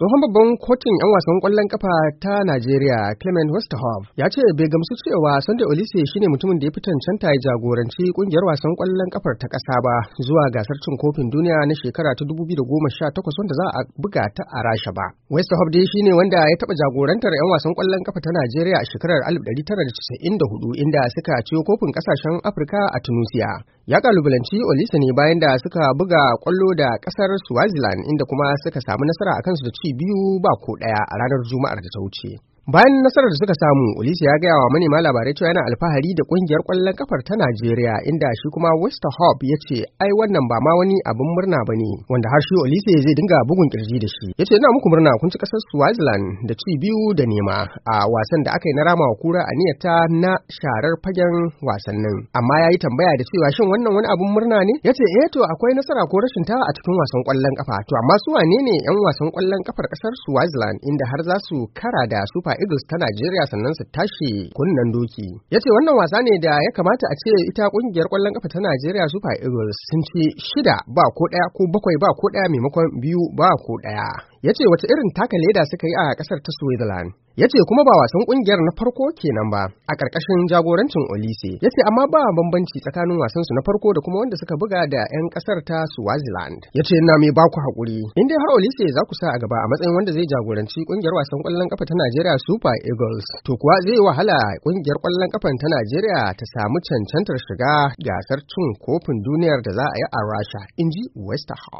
Tsohon babban kotun 'yan wasan kwallon kafa ta Najeriya Clement Westerhoff ya ce bai gamsu cewa Sunday Olise shi ne mutumin da ya fi cancanta ya jagoranci kungiyar wasan kwallon kafar ta ƙasa ba zuwa gasar cin kofin duniya na shekara ta 2018 wanda za a buga ta a Rasha ba. Westerhoff dai shine wanda ya taɓa jagorantar 'yan wasan kwallon kafa ta Najeriya a shekarar 1994 inda suka ciyo kofin ƙasashen Afirka a Tunisia. Ya kalubalanci Olise ne bayan da suka buga kwallo da ƙasar Swaziland inda kuma suka samu nasara a kansu da ci biyu ba ko ɗaya a ranar Juma'ar da ta wuce. Bayan nasarar da suka samu, Ulisi ya gaya wa manema labarai cewa yana alfahari da kungiyar ƙwallon kafar ta Najeriya, inda shi kuma Westerhoff ya ce, "Ai wannan ba ma wani abin murna ba ne, wanda har shi Ulisi zai dinga bugun kirji da shi." Ya ce, yana muku murna kun ci ƙasar Swaziland da ci biyu da nema a wasan da aka yi na rama wa kura a niyyata na sharar fagen wasannin." Amma ya yi tambaya da cewa shin wannan wani abin murna ne? Ya ce, "Eh to akwai nasara ko rashin ta a cikin wasan ƙwallon kafa, to amma su wane ne 'yan wasan kwallon kafar kasar Swaziland inda har za su kara da Super Eagles ta Najeriya sannan su tashi kunnan doki. Ya ce wannan wasa ne da ya kamata a ce ita kungiyar kwallon kafa ta Najeriya Super Eagles sun ci shida ba ko ɗaya ko bakwai ba ko ɗaya maimakon biyu ba ko ɗaya. Ya ce wace irin taka leda suka yi a ƙasar ta Switzerland. ya ce kuma ba wasan kungiyar na farko kenan ba a ƙarƙashin jagorancin Olise ya ce amma ba bambanci tsakanin wasansu na farko da kuma wanda suka buga da 'yan ƙasar ta Swaziland ya ce ina mai baku hakuri? in dai har Olise za ku sa a gaba a matsayin wanda zai jagoranci kungiyar wasan ƙwallon ƙafa ta Najeriya Super Eagles to kuwa zai wahala kungiyar kwallon kafa ta Najeriya ta samu cancantar shiga gasar cin kofin duniyar da za a yi a Rasha in ji Westerhoff